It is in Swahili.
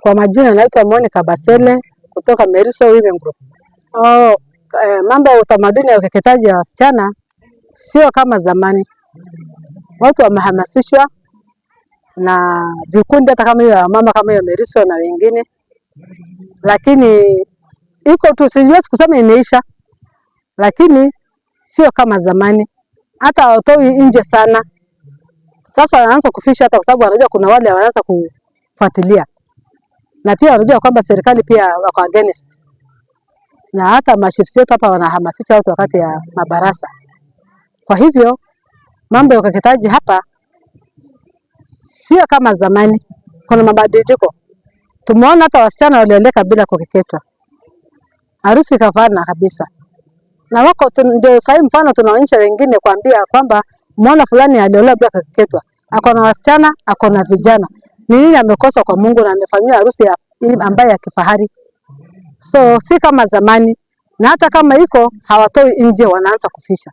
Kwa majina naitwa Monica Basele kutoka Merisho Women Group. Oh, eh, mambo ya utamaduni ya ukeketaji ya wasichana sio kama zamani. Watu wamehamasishwa na vikundi hata kama hiyo mama kama hiyo Merisho na wengine, lakini iko tu, siwezi kusema imeisha, lakini sio kama zamani. Hata watoi nje sana, sasa wanaanza kufisha hata, kwa sababu wanajua kuna wale wanaanza kufuatilia na pia wanajua kwamba serikali pia wako against, na hata mashifsi yetu hapa wanahamasisha watu wakati ya mabarasa. Kwa hivyo mambo ya ukeketaji hapa sio kama zamani, kuna mabadiliko. Tumeona hata wasichana walioleka bila kukeketwa, harusi kafana kabisa, na wako ndio sahii. Mfano tunaonyesha wengine kuambia kwamba mwana fulani aliolewa bila kukeketwa, akona wasichana akona vijana ni nini amekosa kwa Mungu na amefanyiwa harusi ambaye ya kifahari. So si kama zamani, na hata kama iko hawatoi nje, wanaanza kufisha.